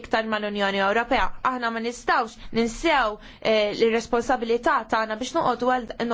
iktar mal-Unjoni Ewropea. Aħna ma nistawx ninsew eh, l-responsabilità tagħna biex noqogħdu